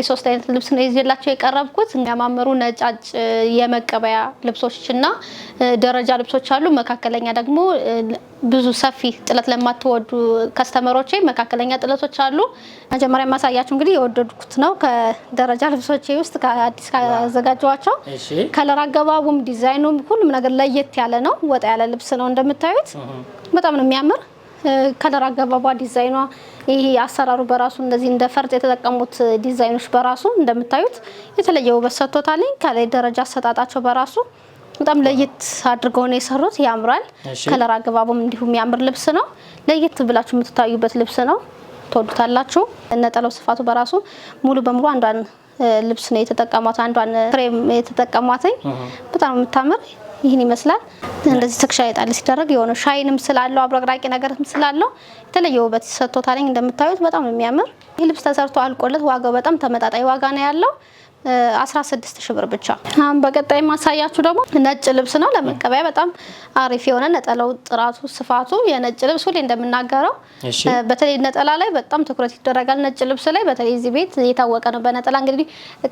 እንግዲህ ሶስት አይነት ልብስ ነው ይዤላቸው የቀረብኩት። ያማመሩ ነጫጭ የመቀበያ ልብሶች እና ደረጃ ልብሶች አሉ። መካከለኛ ደግሞ ብዙ ሰፊ ጥለት ለማትወዱ ከስተመሮች መካከለኛ ጥለቶች አሉ። መጀመሪያ ማሳያችሁ እንግዲህ የወደድኩት ነው ከደረጃ ልብሶቼ ውስጥ ከአዲስ ካዘጋጀዋቸው ከለር አገባቡም ዲዛይኑም ሁሉም ነገር ለየት ያለ ነው። ወጣ ያለ ልብስ ነው እንደምታዩት በጣም ነው የሚያምር ከለር አገባቧ፣ ዲዛይኗ ይሄ አሰራሩ በራሱ እነዚህ እንደ ፈርጥ የተጠቀሙት ዲዛይኖች በራሱ እንደምታዩት የተለየ ውበት ሰጥቶታል። ከላይ ደረጃ አሰጣጣቸው በራሱ በጣም ለየት አድርገው ነው የሰሩት። ያምራል። ከለር አገባቡም እንዲሁም የሚያምር ልብስ ነው። ለየት ብላችሁ የምትታዩበት ልብስ ነው። ትወዱታላችሁ። ነጠላው ስፋቱ በራሱ ሙሉ በሙሉ አንዷን ልብስ ነው የተጠቀሟት። አንዷን ፍሬም የተጠቀሟትኝ በጣም የምታምር ይህን ይመስላል። እንደዚህ ትከሻ ላይ ሲደረግ የሆነ ሻይንም ስላለው አብረቅራቂ ነገርም ስላለው የተለየ ውበት ሰጥቶታል። እንደምታዩት በጣም ነው የሚያምር ይህ ልብስ ተሰርቶ አልቆለት ዋጋው በጣም ተመጣጣኝ ዋጋ ነው ያለው 16 ሺ ብር ብቻ። አሁን በቀጣይ ማሳያችሁ ደግሞ ነጭ ልብስ ነው። ለመቀበያ በጣም አሪፍ የሆነ ነጠላው፣ ጥራቱ፣ ስፋቱ የነጭ ልብስ ሁሌ እንደምናገረው በተለይ ነጠላ ላይ በጣም ትኩረት ይደረጋል። ነጭ ልብስ ላይ በተለይ እዚህ ቤት የታወቀ ነው በነጠላ። እንግዲህ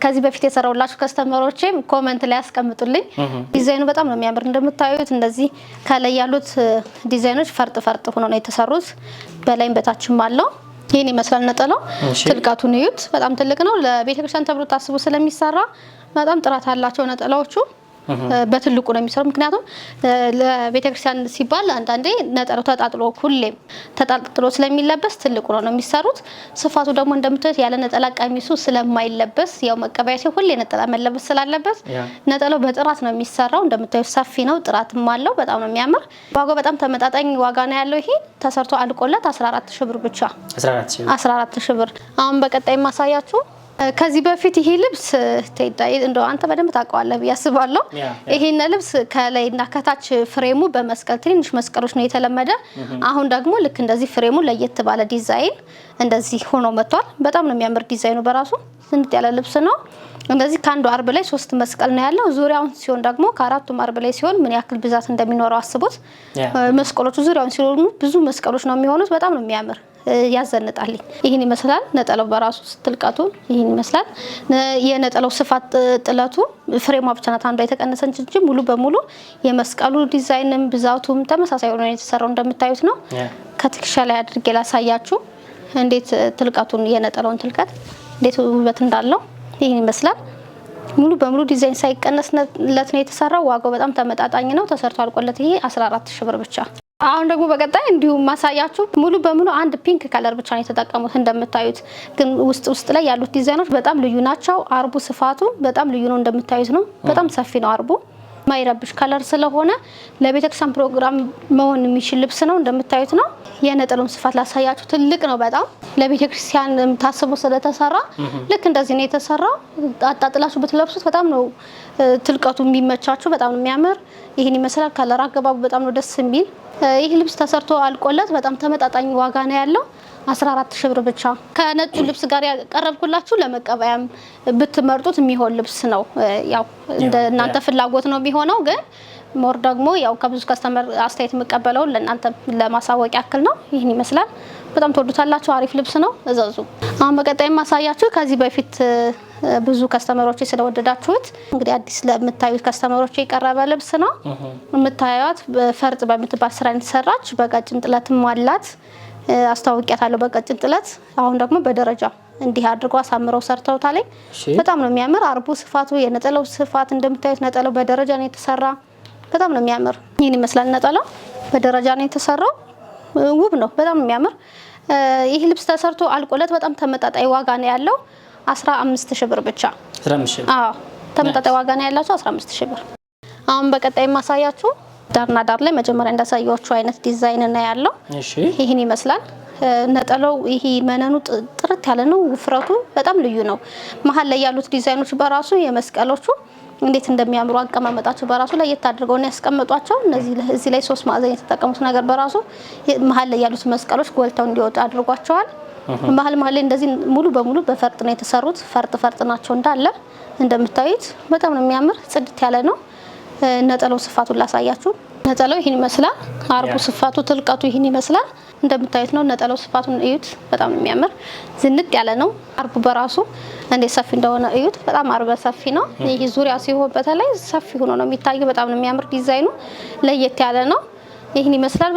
ከዚህ በፊት የሰራውላችሁ ከስተመሮቼም ኮመንት ላይ ያስቀምጡልኝ። ዲዛይኑ በጣም ነው የሚያምር። እንደምታዩት እንደዚህ ከላይ ያሉት ዲዛይኖች ፈርጥ ፈርጥ ሆኖ ነው የተሰሩት። በላይም በታችም አለው ይህን ይመስላል ነጠላው። ትልቀቱን እዩት፣ በጣም ትልቅ ነው። ለቤተክርስቲያን ተብሎ ታስቦ ስለሚሰራ በጣም ጥራት አላቸው ነጠላዎቹ። በትልቁ ነው የሚሰሩ። ምክንያቱም ለቤተክርስቲያን ሲባል አንዳንዴ ነጠላው ተጣጥሎ ሁሌም ተጣጥሎ ስለሚለበስ ትልቁ ነው ነው የሚሰሩት። ስፋቱ ደግሞ እንደምታዩት ያለ ነጠላ ቀሚሱ ስለማይለበስ ያው መቀበያ ሲሆን ሁሌ ነጠላ መለበስ ስላለበት ነጠላው በጥራት ነው የሚሰራው። እንደምታዩት ሰፊ ነው፣ ጥራትም አለው። በጣም ነው የሚያምር። ዋጋው በጣም ተመጣጣኝ ዋጋ ነው ያለው። ይሄ ተሰርቶ አልቆለት 14 ሺህ ብር ብቻ 14 ሺህ ብር። አሁን በቀጣይ ማሳያችሁ ከዚህ በፊት ይሄ ልብስ ቴዳ እንደው አንተ በደንብ ታውቀዋለህ ብዬ አስባለሁ። ይሄን ልብስ ከላይ እና ከታች ፍሬሙ በመስቀል ትንሽ መስቀሎች ነው የተለመደ። አሁን ደግሞ ልክ እንደዚህ ፍሬሙ ለየት ባለ ዲዛይን እንደዚህ ሆኖ መጥቷል። በጣም ነው የሚያምር ዲዛይኑ በራሱ ስንት ያለ ልብስ ነው። እንደዚህ ከአንዱ አርብ ላይ ሶስት መስቀል ነው ያለው። ዙሪያውን ሲሆን ደግሞ ከአራቱም አርብ ላይ ሲሆን ምን ያክል ብዛት እንደሚኖረው አስቡት። መስቀሎቹ ዙሪያውን ሲሆኑ ብዙ መስቀሎች ነው የሚሆኑት። በጣም ነው የሚያምር ያዘንጣልኝ። ይህን ይመስላል ነጠላው በራሱ ስትልቀቱ ይህን ይመስላል። የነጠላው ስፋት ጥለቱ ፍሬማ ብቻ ናት አንዷ የተቀነሰች እንጂ ሙሉ በሙሉ የመስቀሉ ዲዛይንም ብዛቱም ተመሳሳይ ሆኖ የተሰራው እንደምታዩት ነው። ከትከሻ ላይ አድርጌ ላሳያችሁ እንዴት ትልቀቱን የነጠላውን ትልቀት እንዴት ውበት እንዳለው ይህን ይመስላል። ሙሉ በሙሉ ዲዛይን ሳይቀነስለት ነው የተሰራው። ዋጋው በጣም ተመጣጣኝ ነው። ተሰርቶ አልቆለት ይሄ 14 ሺህ ብር ብቻ አሁን ደግሞ በቀጣይ እንዲሁም ማሳያችሁ ሙሉ በሙሉ አንድ ፒንክ ከለር ብቻ ነው የተጠቀሙት። እንደምታዩት ግን ውስጥ ውስጥ ላይ ያሉት ዲዛይኖች በጣም ልዩ ናቸው። አርቡ ስፋቱ በጣም ልዩ ነው። እንደምታዩት ነው። በጣም ሰፊ ነው አርቡ ማይረብሽ ከለር ስለሆነ ለቤተክርስቲያን ፕሮግራም መሆን የሚችል ልብስ ነው። እንደምታዩት ነው። የነጠሉም ስፋት ላሳያችሁ፣ ትልቅ ነው በጣም ለቤተክርስቲያን ታስቦ ስለተሰራ ልክ እንደዚህ ነው የተሰራው። አጣጥላችሁ ብትለብሱት በጣም ነው ትልቀቱ የሚመቻችሁ። በጣም ነው የሚያምር። ይህን ይመስላል። ከለር አገባቡ በጣም ነው ደስ የሚል። ይህ ልብስ ተሰርቶ አልቆለት በጣም ተመጣጣኝ ዋጋ ነው ያለው። 14 ሺህ ብር ብቻ ከነጩ ልብስ ጋር ያቀረብኩላችሁ ለመቀበያም ብትመርጡት የሚሆን ልብስ ነው። ያው እንደ እናንተ ፍላጎት ነው የሚሆነው ግን ሞር ደግሞ ያው ከብዙ ከስተመር አስተያየት የምቀበለውን ለእናንተ ለማሳወቅ ያክል ነው። ይህን ይመስላል። በጣም ትወዱታላችሁ። አሪፍ ልብስ ነው፣ እዘዙ። አሁን በቀጣይ ማሳያችሁ ከዚህ በፊት ብዙ ከስተመሮች ስለወደዳችሁት እንግዲህ አዲስ ለምታዩት ከስተመሮች የቀረበ ልብስ ነው። የምታዩት ፈርጥ በምትባል ስራ የተሰራች በቀጭን ጥለትም አላት አስተዋውቂያታለሁ በቀጭን ጥለት። አሁን ደግሞ በደረጃ እንዲህ አድርገው አሳምረው ሰርተውታል በጣም ነው የሚያምር። አርቡ ስፋቱ፣ የነጠለው ስፋት እንደምታዩት ነጠለው በደረጃ ነው የተሰራ። በጣም ነው የሚያምር። ይህን ይመስላል። ነጠላው በደረጃ ነው የተሰራው። ውብ ነው፣ በጣም የሚያምር ይህ ልብስ ተሰርቶ አልቆለት በጣም ተመጣጣይ ዋጋ ነው ያለው 15 ሺህ ብር ብቻ። አዎ ዋጋ ነው ያላቸው 15 ሺህ ብር። አሁን በቀጣይ ማሳያችሁ ዳርና ዳር ላይ መጀመሪያ እንዳሳየዎቹ አይነት ዲዛይን ነው ያለው። ይህን ይመስላል። ነጠላው ይሄ መነኑ ጥርት ያለ ነው። ውፍረቱ በጣም ልዩ ነው። መሀል ላይ ያሉት ዲዛይኖች በራሱ የመስቀሎቹ እንዴት እንደሚያምሩ አቀማመጣቸው በራሱ ለየት አድርገው ነው ያስቀመጧቸው። እነዚህ እዚህ ላይ ሶስት ማዕዘን የተጠቀሙት ነገር በራሱ መሀል ላይ ያሉት መስቀሎች ጎልተው እንዲወጡ አድርጓቸዋል። መሀል መሀል ላይ እንደዚህ ሙሉ በሙሉ በፈርጥ ነው የተሰሩት። ፈርጥ ፈርጥ ናቸው እንዳለ እንደምታዩት። በጣም ነው የሚያምር፣ ጽድት ያለ ነው። ነጠላው ስፋቱን ላሳያችሁ። ነጠላው ይህን ይመስላል። አርቡ ስፋቱ ትልቀቱ ይህን ይመስላል። እንደምታዩት ነው። ነጠላው ስፋቱን እዩት። በጣም የሚያምር ዝንጥ ያለ ነው። አርቡ በራሱ እንዴት ሰፊ እንደሆነ እዩት። በጣም አርበ ሰፊ ነው። ይህ ዙሪያ ሲሆን በተለይ ሰፊ ሆኖ ነው የሚታየው። በጣም ነው የሚያምር ዲዛይኑ ለየት ያለ ነው። ይህን ይመስላል።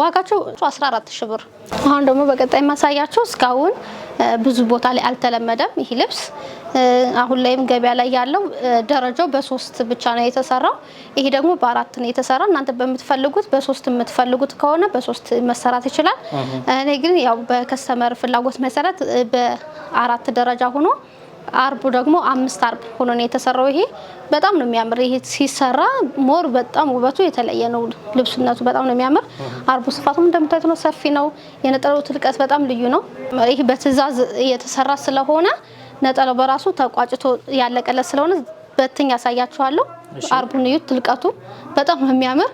ዋጋቸው 14 ሺ ብር። አሁን ደግሞ በቀጣይ ማሳያቸው እስካሁን ብዙ ቦታ ላይ አልተለመደም ይህ ልብስ አሁን ላይም ገበያ ላይ ያለው ደረጃው በሶስት ብቻ ነው የተሰራው። ይሄ ደግሞ በአራት ነው የተሰራው። እናንተ በምትፈልጉት በሶስት የምትፈልጉት ከሆነ በሶስት መሰራት ይችላል። እኔ ግን ያው በከስተመር ፍላጎት መሰረት በአራት ደረጃ ሆኖ አርቡ ደግሞ አምስት አርብ ሆኖ ነው የተሰራው። ይሄ በጣም ነው የሚያምር። ይሄ ሲሰራ ሞር በጣም ውበቱ የተለየ ነው። ልብሱነቱ በጣም ነው የሚያምር። አርቡ ስፋቱም እንደምታዩት ነው፣ ሰፊ ነው። የነጠላው ትልቀት በጣም ልዩ ነው። ይሄ በትዕዛዝ የተሰራ ስለሆነ ነጠላው በራሱ ተቋጭቶ ያለቀለት ስለሆነ በትኝ ያሳያችኋለሁ። አርቡን እዩት፣ ትልቀቱ በጣም ነው የሚያምር።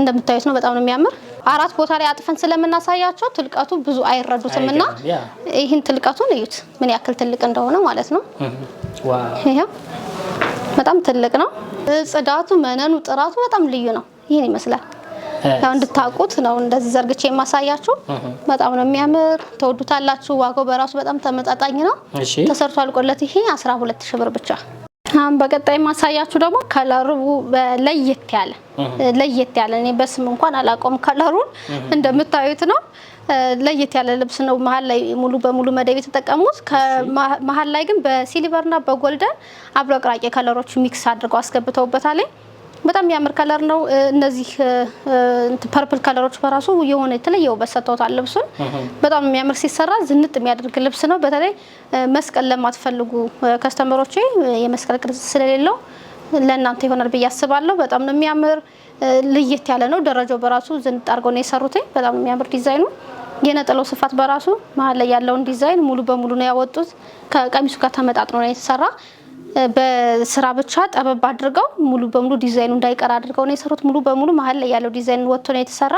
እንደምታዩት ነው፣ በጣም ነው የሚያምር። አራት ቦታ ላይ አጥፈን ስለምናሳያቸው ትልቀቱ ብዙ አይረዱትም እና ይህን ትልቀቱን እዩት ምን ያክል ትልቅ እንደሆነ ማለት ነው። ይኸው በጣም ትልቅ ነው። ጽዳቱ፣ መነኑ፣ ጥራቱ በጣም ልዩ ነው። ይህን ይመስላል። ያው እንድታውቁት ነው እንደዚህ ዘርግቼ የማሳያችሁ። በጣም ነው የሚያምር፣ ተወዱታላችሁ። ዋጋው በራሱ በጣም ተመጣጣኝ ነው። ተሰርቶ አልቆለት ይሄ 12000 ብር ብቻ አሁን በቀጣይ ማሳያችሁ ደግሞ ከለሩ ለየት ያለ ለየት ያለ እኔ በስም እንኳን አላውቀውም። ከለሩን እንደምታዩት ነው። ለየት ያለ ልብስ ነው። መሀል ላይ ሙሉ በሙሉ መደብ የተጠቀሙት ከመሀል ላይ ግን በሲልቨርና በጎልደን አብረቅራቂ ከለሮቹ ሚክስ አድርገው አስገብተውበታል። በጣም የሚያምር ከለር ነው። እነዚህ ፐርፕል ከለሮች በራሱ የሆነ የተለየ ውበት ሰጥተውታል ልብሱን። በጣም የሚያምር ሲሰራ ዝንጥ የሚያደርግ ልብስ ነው። በተለይ መስቀል ለማትፈልጉ ከስተመሮች የመስቀል ቅርጽ ስለሌለው ለእናንተ ይሆናል ብዬ አስባለሁ። በጣም ነው የሚያምር፣ ለየት ያለ ነው። ደረጃው በራሱ ዝንጥ አድርገው ነው የሰሩት በጣም የሚያምር ዲዛይኑ። የነጠላው ስፋት በራሱ መሀል ላይ ያለውን ዲዛይን ሙሉ በሙሉ ነው ያወጡት። ከቀሚሱ ጋር ተመጣጥኖ ነው የተሰራ። በስራ ብቻ ጠበብ አድርገው ሙሉ በሙሉ ዲዛይኑ እንዳይቀር አድርገው ነው የሰሩት። ሙሉ በሙሉ መሀል ላይ ያለው ዲዛይን ወጥቶ ነው የተሰራ።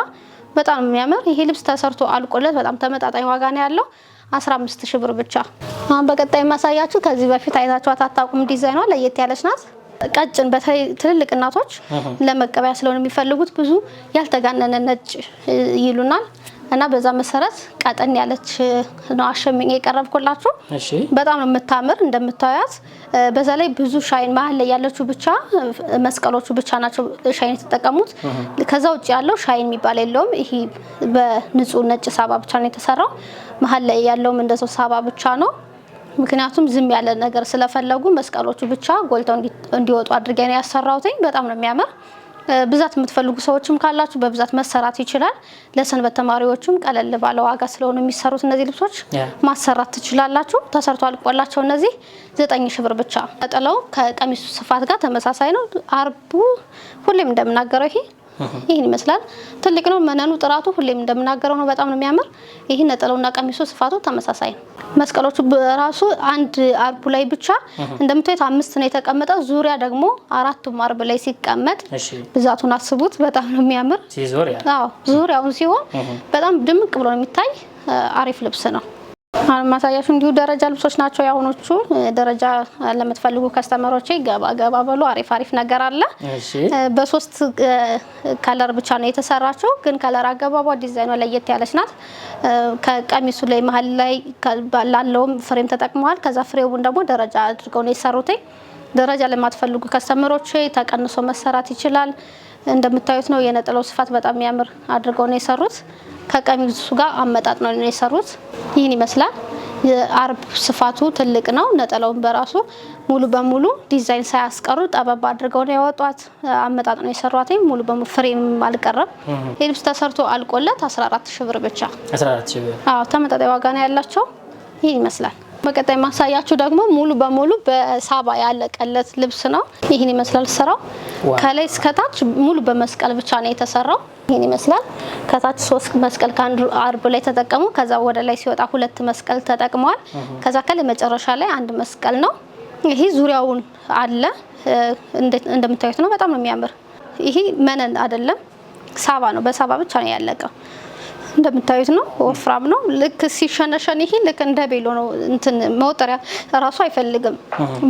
በጣም የሚያምር ይሄ ልብስ ተሰርቶ አልቆለት በጣም ተመጣጣኝ ዋጋ ነው ያለው 15 ሺህ ብር ብቻ። አሁን በቀጣይ የማሳያችሁ ከዚህ በፊት አይታችኋት አታውቁም። ዲዛይኗ ለየት ያለች ናት። ቀጭን በተለይ ትልልቅ እናቶች ለመቀበያ ስለሆነ የሚፈልጉት ብዙ ያልተጋነነ ነጭ ይሉናል እና በዛ መሰረት ቀጠን ያለች ነው አሸምኝ የቀረብኩላችሁ። በጣም ነው የምታምር እንደምታያት በዛ ላይ ብዙ ሻይን መሀል ላይ ያለችው ብቻ መስቀሎቹ ብቻ ናቸው ሻይን የተጠቀሙት። ከዛ ውጭ ያለው ሻይን የሚባል የለውም። ይሄ በንጹህ ነጭ ሳባ ብቻ ነው የተሰራው። መሀል ላይ ያለውም እንደዛው ሳባ ብቻ ነው። ምክንያቱም ዝም ያለ ነገር ስለፈለጉ መስቀሎቹ ብቻ ጎልተው እንዲወጡ አድርገን ያሰራውትኝ በጣም ነው የሚያምር ብዛት የምትፈልጉ ሰዎችም ካላችሁ በብዛት መሰራት ይችላል። ለሰንበት ተማሪዎችም ቀለል ባለ ዋጋ ስለሆኑ የሚሰሩት እነዚህ ልብሶች ማሰራት ትችላላችሁ። ተሰርቶ አልቆላቸው እነዚህ ዘጠኝ ሺ ብር ብቻ። ነጠላው ከቀሚሱ ስፋት ጋር ተመሳሳይ ነው። አርቡ ሁሌም እንደምናገረው ይሄ ይህን ይመስላል። ትልቅ ነው መነኑ፣ ጥራቱ ሁሌም እንደምናገረው ነው፣ በጣም ነው የሚያምር። ይህ ነጠለውና ቀሚሱ ስፋቱ ተመሳሳይ ነው። መስቀሎቹ በራሱ አንድ አርቡ ላይ ብቻ እንደምታዩት አምስት ነው የተቀመጠ። ዙሪያ ደግሞ አራቱም አርብ ላይ ሲቀመጥ ብዛቱን አስቡት። በጣም ነው የሚያምር። ዙሪያውን ሲሆን በጣም ድምቅ ብሎ ነው የሚታይ። አሪፍ ልብስ ነው። አሁን ማሳያችሁ እንዲሁ ደረጃ ልብሶች ናቸው ያሁኖቹ። ደረጃ ለምትፈልጉ ከስተመሮቼ ገባ ገባ በሉ። አሪፍ አሪፍ ነገር አለ። በሶስት ከለር ብቻ ነው የተሰራቸው ግን ከለር አገባቧ ዲዛይኗ ለየት ያለች ናት። ከቀሚሱ ላይ መሀል ላይ ላለውም ፍሬም ተጠቅመዋል። ከዛ ፍሬውን ደግሞ ደረጃ አድርገው ነው የሰሩት። ደረጃ ለማትፈልጉ ከስተመሮቼ ተቀንሶ መሰራት ይችላል። እንደምታዩት ነው የነጠለው ስፋት በጣም የሚያምር አድርገው ነው የሰሩት። ከቀሚሱ ጋር አመጣጥ ነው የሰሩት። ይህን ይመስላል። የአርብ ስፋቱ ትልቅ ነው። ነጠላውን በራሱ ሙሉ በሙሉ ዲዛይን ሳያስቀሩ ጠበብ አድርገው ነው ያወጧት። አመጣጥ ነው የሰሯት። ሙሉ በሙሉ ፍሬም አልቀረም። ልብስ ተሰርቶ አልቆለት 14 ሺህ ብር ብቻ። አዎ ተመጣጣኝ ዋጋ ነው ያላቸው። ይህን ይመስላል። በቀጣይ ማሳያችሁ ደግሞ ሙሉ በሙሉ በሳባ ያለቀለት ልብስ ነው። ይህን ይመስላል ስራው ከላይ እስከታች ሙሉ በመስቀል ብቻ ነው የተሰራው። ይህን ይመስላል ከታች ሶስት መስቀል ከአንዱ አርብ ላይ ተጠቀሙ። ከዛ ወደ ላይ ሲወጣ ሁለት መስቀል ተጠቅመዋል። ከዛ ከላይ መጨረሻ ላይ አንድ መስቀል ነው። ይሄ ዙሪያውን አለ እንደምታዩት ነው። በጣም ነው የሚያምር። ይሄ መነን አይደለም ሳባ ነው። በሳባ ብቻ ነው ያለቀው። እንደምታዩት ነው፣ ወፍራም ነው። ልክ ሲሸነሸን ይሄ ልክ እንደ ቤሎ ነው። እንትን መውጠሪያ ራሱ አይፈልግም፣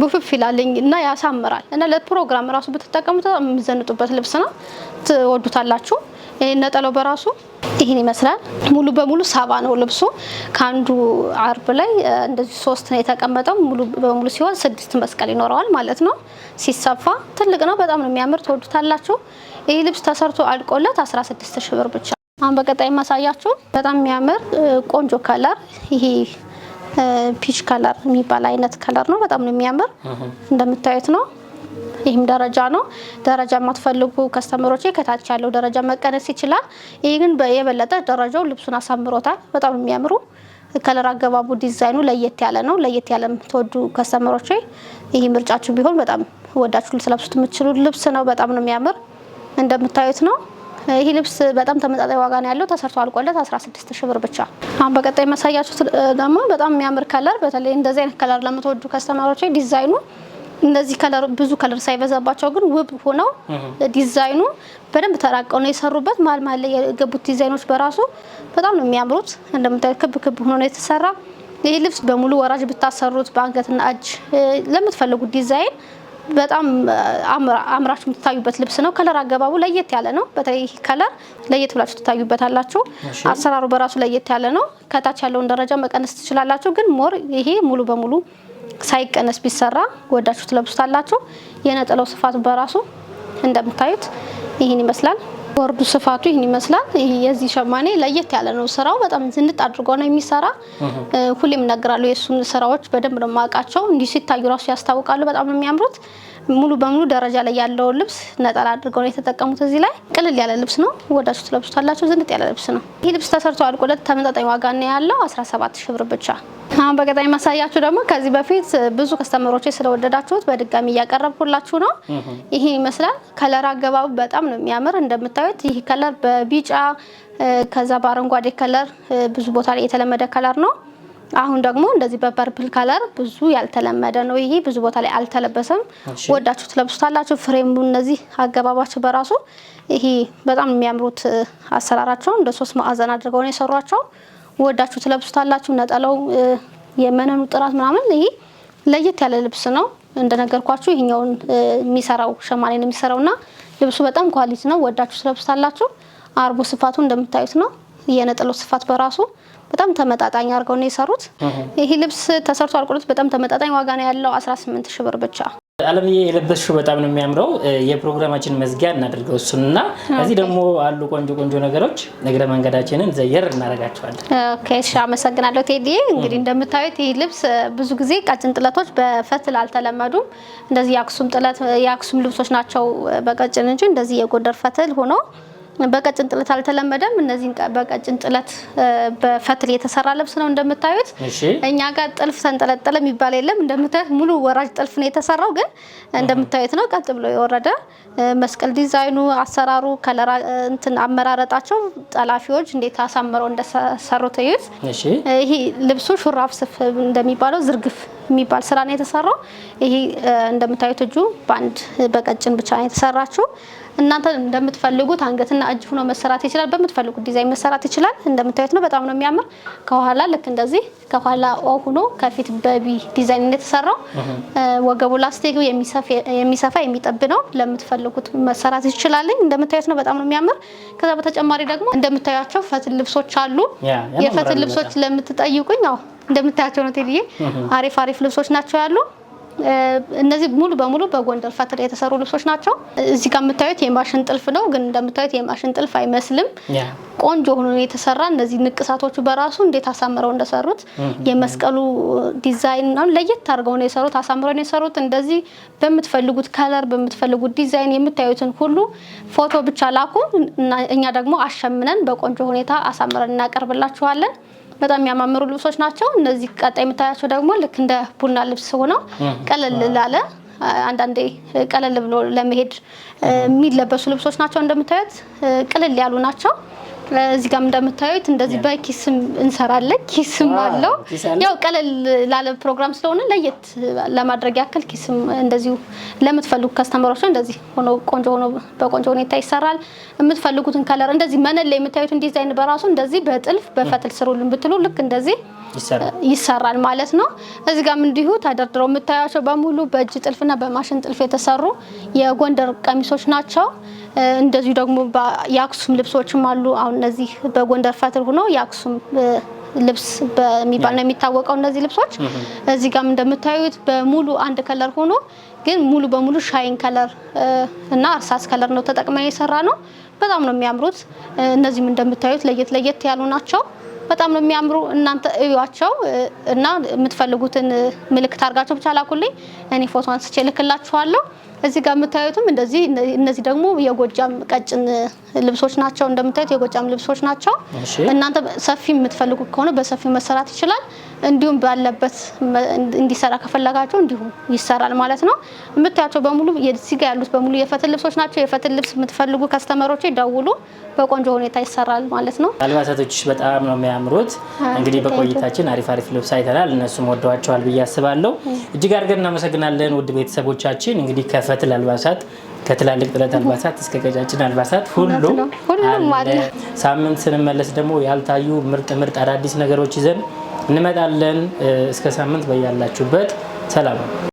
ቡፍፍ ይላልኝ እና ያሳምራል። እና ለፕሮግራም ራሱ ብትጠቀሙት የምዘንጡበት ልብስ ነው፣ ትወዱታላችሁ። ነጠለው በራሱ ይህን ይመስላል። ሙሉ በሙሉ ሳባ ነው ልብሱ። ከአንዱ አርብ ላይ እንደዚህ ሶስት ነው የተቀመጠው። ሙሉ በሙሉ ሲሆን ስድስት መስቀል ይኖረዋል ማለት ነው። ሲሰፋ ትልቅ ነው፣ በጣም ነው የሚያምር። ትወዱታላችሁ። ይህ ልብስ ተሰርቶ አልቆለት 16 ሺ ብር ብቻ አሁን በቀጣይ የማሳያችሁ በጣም የሚያምር ቆንጆ ከለር ይሄ ፒች ከለር የሚባል አይነት ከለር ነው። በጣም ነው የሚያምር እንደምታዩት ነው። ይህም ደረጃ ነው። ደረጃ የማትፈልጉ ከስተመሮች ከታች ያለው ደረጃ መቀነስ ይችላል። ይህ ግን የበለጠ ደረጃው ልብሱን አሳምሮታል። በጣም የሚያምሩ ከለር አገባቡ ዲዛይኑ ለየት ያለ ነው። ለየት ያለ የምትወዱ ከስተመሮች ይህ ምርጫችሁ ቢሆን በጣም ወዳችሁ ልትለብሱት የምትችሉ ልብስ ነው። በጣም ነው የሚያምር እንደምታዩት ነው። ይህ ልብስ በጣም ተመጣጣኝ ዋጋ ነው ያለው። ተሰርቶ አልቆለት 16 ሺህ ብር ብቻ። አሁን በቀጣይ ማሳያችሁት ደግሞ በጣም የሚያምር ከለር፣ በተለይ እንደዚህ አይነት ከለር ለምትወዱ ከስተማሮች ዲዛይኑ እንደዚህ ከለር ብዙ ከለር ሳይበዛባቸው ግን ውብ ሆነው ዲዛይኑ በደንብ ተራቀው ነው የሰሩበት። መሀል መሀል ላይ የገቡት ዲዛይኖች በራሱ በጣም ነው የሚያምሩት። እንደምታዩት ክብ ክብ ሆኖ ነው የተሰራ። ይህ ልብስ በሙሉ ወራጅ ብታሰሩት በአንገትና እጅ ለምትፈልጉት ዲዛይን በጣም አምራችሁ የምትታዩበት ልብስ ነው። ከለር አገባቡ ለየት ያለ ነው። በተለይ ይህ ከለር ለየት ብላችሁ ትታዩበታላችሁ። አሰራሩ በራሱ ለየት ያለ ነው። ከታች ያለውን ደረጃ መቀነስ ትችላላችሁ፣ ግን ሞር ይሄ ሙሉ በሙሉ ሳይቀነስ ቢሰራ ወዳችሁ ትለብሱታላችሁ። የነጠላው ስፋት በራሱ እንደምታዩት ይህን ይመስላል። ወርዱ ስፋቱ ይህን ይመስላል። የዚህ ሸማኔ ለየት ያለ ነው ስራው በጣም ዝንጥ አድርጎ ነው የሚሰራ። ሁሌም እነግራለሁ የእሱን ስራዎች በደንብ ነው የማውቃቸው። እንዲህ ሲታዩ ራሱ ያስታውቃሉ። በጣም ነው የሚያምሩት። ሙሉ በሙሉ ደረጃ ላይ ያለውን ልብስ ነጠላ አድርገው ነው የተጠቀሙት። እዚህ ላይ ቅልል ያለ ልብስ ነው፣ ወዳችሁ ትለብሱታላችሁ። ዝንጥ ያለ ልብስ ነው። ይህ ልብስ ተሰርቶ አልቆለት ተመጣጣኝ ዋጋ ነው ያለው 17 ሺህ ብር ብቻ። አሁን በቀጣይ ማሳያችሁ ደግሞ ከዚህ በፊት ብዙ ከስተመሮች ስለወደዳችሁት በድጋሚ እያቀረብኩላችሁ ነው። ይሄ ይመስላል። ከለር አገባቡ በጣም ነው የሚያምር። እንደምታዩት ይህ ከለር በቢጫ ከዛ በአረንጓዴ ከለር ብዙ ቦታ ላይ የተለመደ ከለር ነው። አሁን ደግሞ እንደዚህ በፐርፕል ከለር ብዙ ያልተለመደ ነው። ይሄ ብዙ ቦታ ላይ አልተለበሰም። ወዳችሁ ትለብሱታላችሁ። ፍሬሙ እነዚህ አገባባቸው በራሱ ይሄ በጣም የሚያምሩት አሰራራቸው እንደ ሶስት ማዕዘን አድርገው ነው የሰሯቸው። ወዳችሁ ትለብሱታላችሁ። ነጠላው የመነኑ ጥራት ምናምን ይሄ ለየት ያለ ልብስ ነው። እንደነገርኳችሁ ይሄኛውን የሚሰራው ሸማኔ ነው የሚሰራውና ልብሱ በጣም ኳሊቲ ነው። ወዳችሁ ትለብሱታላችሁ። አርቦ ስፋቱ እንደምታዩት ነው። የነጠላው ስፋት በራሱ በጣም ተመጣጣኝ አድርገው ነው የሰሩት። ይህ ልብስ ተሰርቶ አልቆለት በጣም ተመጣጣኝ ዋጋ ነው ያለው 18 ሺህ ብር ብቻ። አለምዬ የለበስሽው በጣም ነው የሚያምረው። የፕሮግራማችን መዝጊያ እናደርገው እሱን እና እዚህ ደግሞ አሉ ቆንጆ ቆንጆ ነገሮች እግረ መንገዳችንን ዘየር እናደርጋቸዋለን። እሺ፣ አመሰግናለሁ ቴዲ። እንግዲህ እንደምታዩት ይህ ልብስ ብዙ ጊዜ ቀጭን ጥለቶች በፈትል አልተለመዱም። እንደዚህ የአክሱም ጥለት የአክሱም ልብሶች ናቸው በቀጭን እንጂ እንደዚህ የጎንደር ፈትል ሆኖ በቀጭን ጥለት አልተለመደም። እነዚህን በቀጭን ጥለት በፈትል የተሰራ ልብስ ነው እንደምታዩት። እኛ ጋር ጥልፍ ተንጠለጠለ የሚባል የለም። እንደምታዩት ሙሉ ወራጅ ጥልፍ ነው የተሰራው፣ ግን እንደምታዩት ነው ቀጥ ብሎ የወረደ መስቀል። ዲዛይኑ፣ አሰራሩ፣ ከለራ እንትን አመራረጣቸው ጠላፊዎች እንዴት አሳምረው እንደሰሩት እዩት። ይሄ ልብሱ ሹራብ ስፍ እንደሚባለው ዝርግፍ የሚባል ስራ ነው የተሰራው። ይሄ እንደምታዩት እጁ በአንድ በቀጭን ብቻ ነው የተሰራችው። እናንተ እንደምትፈልጉት አንገትና እጅ ሆኖ መሰራት ይችላል። በምትፈልጉት ዲዛይን መሰራት ይችላል። እንደምታዩት ነው፣ በጣም ነው የሚያምር። ከኋላ ልክ እንደዚህ ከኋላ ሆኖ ከፊት በቢ ዲዛይን እንደተሰራው ወገቡ ላስቲክ የሚሰፋ የሚጠብ ነው። ለምትፈልጉት መሰራት ይችላል። እንደምታዩት ነው፣ በጣም ነው የሚያምር። ከዛ በተጨማሪ ደግሞ እንደምታያቸው ፈትል ልብሶች አሉ። የፈትል ልብሶች ለምትጠይቁኝ፣ አዎ እንደምታያቸው ነው ቴዲዬ፣ አሪፍ አሪፍ ልብሶች ናቸው ያሉ እነዚህ ሙሉ በሙሉ በጎንደር ፈትል የተሰሩ ልብሶች ናቸው። እዚህ ጋር የምታዩት የማሽን ጥልፍ ነው፣ ግን እንደምታዩት የማሽን ጥልፍ አይመስልም። ቆንጆ ሆኖ የተሰራ እነዚህ ንቅሳቶቹ በራሱ እንዴት አሳምረው እንደሰሩት የመስቀሉ ዲዛይን ነው ለየት አድርገው ነው የሰሩት፣ አሳምረው ነው የሰሩት። እንደዚህ በምትፈልጉት ከለር፣ በምትፈልጉት ዲዛይን የምታዩትን ሁሉ ፎቶ ብቻ ላኩ፣ እኛ ደግሞ አሸምነን በቆንጆ ሁኔታ አሳምረን እናቀርብላችኋለን። በጣም የሚያማምሩ ልብሶች ናቸው። እነዚህ ቀጣይ የምታያቸው ደግሞ ልክ እንደ ቡና ልብስ ሆነው ቀለል ላለ አንዳንዴ ቀለል ብሎ ለመሄድ የሚለበሱ ልብሶች ናቸው። እንደምታዩት ቅልል ያሉ ናቸው። እዚህ ጋር እንደምታዩት እንደዚህ በኪስም እንሰራለን። ኪስም አለው ያው ቀለል ላለ ፕሮግራም ስለሆነ ለየት ለማድረግ ያክል ኪስም እንደዚሁ ለምትፈልጉ ከስተመሮች እንደዚህ ሆኖ ቆንጆ ሆኖ በቆንጆ ሁኔታ ይሰራል። የምትፈልጉትን ከለር እንደዚህ መነን ላይ የምታዩትን ዲዛይን በራሱ እንደዚህ በጥልፍ በፈትል ስሩልን ብትሉ ልክ እንደዚህ ይሰራል ማለት ነው። እዚህ ጋርም እንዲሁ ተደርድረው የምታያቸው በሙሉ በእጅ ጥልፍና በማሽን ጥልፍ የተሰሩ የጎንደር ቀሚሶች ናቸው። እንደዚሁ ደግሞ የአክሱም ልብሶችም አሉ። አሁን እነዚህ በጎንደር ፈትል ሆኖ የአክሱም ልብስ በሚባል ነው የሚታወቀው። እነዚህ ልብሶች እዚህ ጋም እንደምታዩት በሙሉ አንድ ከለር ሆኖ ግን ሙሉ በሙሉ ሻይን ከለር እና እርሳስ ከለር ነው ተጠቅመን የሰራ ነው። በጣም ነው የሚያምሩት። እነዚህም እንደምታዩት ለየት ለየት ያሉ ናቸው። በጣም ነው የሚያምሩ። እናንተ እዩዋቸው እና የምትፈልጉትን ምልክት አድርጋቸው ብቻ ላኩልኝ። እኔ ፎቶ አንስቼ ልክላችኋለሁ። እዚህ ጋር የምታዩትም እንደዚህ እነዚህ ደግሞ የጎጃም ቀጭን ልብሶች ናቸው። እንደምታዩት የጎጃም ልብሶች ናቸው። እናንተ ሰፊ የምትፈልጉ ከሆነ በሰፊው መሰራት ይችላል። እንዲሁም ባለበት እንዲሰራ ከፈለጋቸው እንዲሁ ይሰራል ማለት ነው። የምታያቸው በሙሉ እዚህ ያሉት በሙሉ የፈትል ልብሶች ናቸው። የፈትል ልብስ የምትፈልጉ ከስተመሮች ደውሉ። በቆንጆ ሁኔታ ይሰራል ማለት ነው። አልባሳቶች በጣም ነው የሚያምሩት። እንግዲህ በቆይታችን አሪፍ አሪፍ ልብስ አይተናል። እነሱም ወደዋቸዋል ብዬ አስባለሁ። እጅግ አድርገን እናመሰግናለን ውድ ቤተሰቦቻችን። እንግዲህ ከፈትል አልባሳት ከትላልቅ ጥለት አልባሳት እስከ ቀጫጭን አልባሳት ሁሉም ሁሉም ሳምንት ስንመለስ ደግሞ ያልታዩ ምርጥ ምርጥ አዳዲስ ነገሮች ይዘን እንመጣለን። እስከ ሳምንት በያላችሁበት ሰላም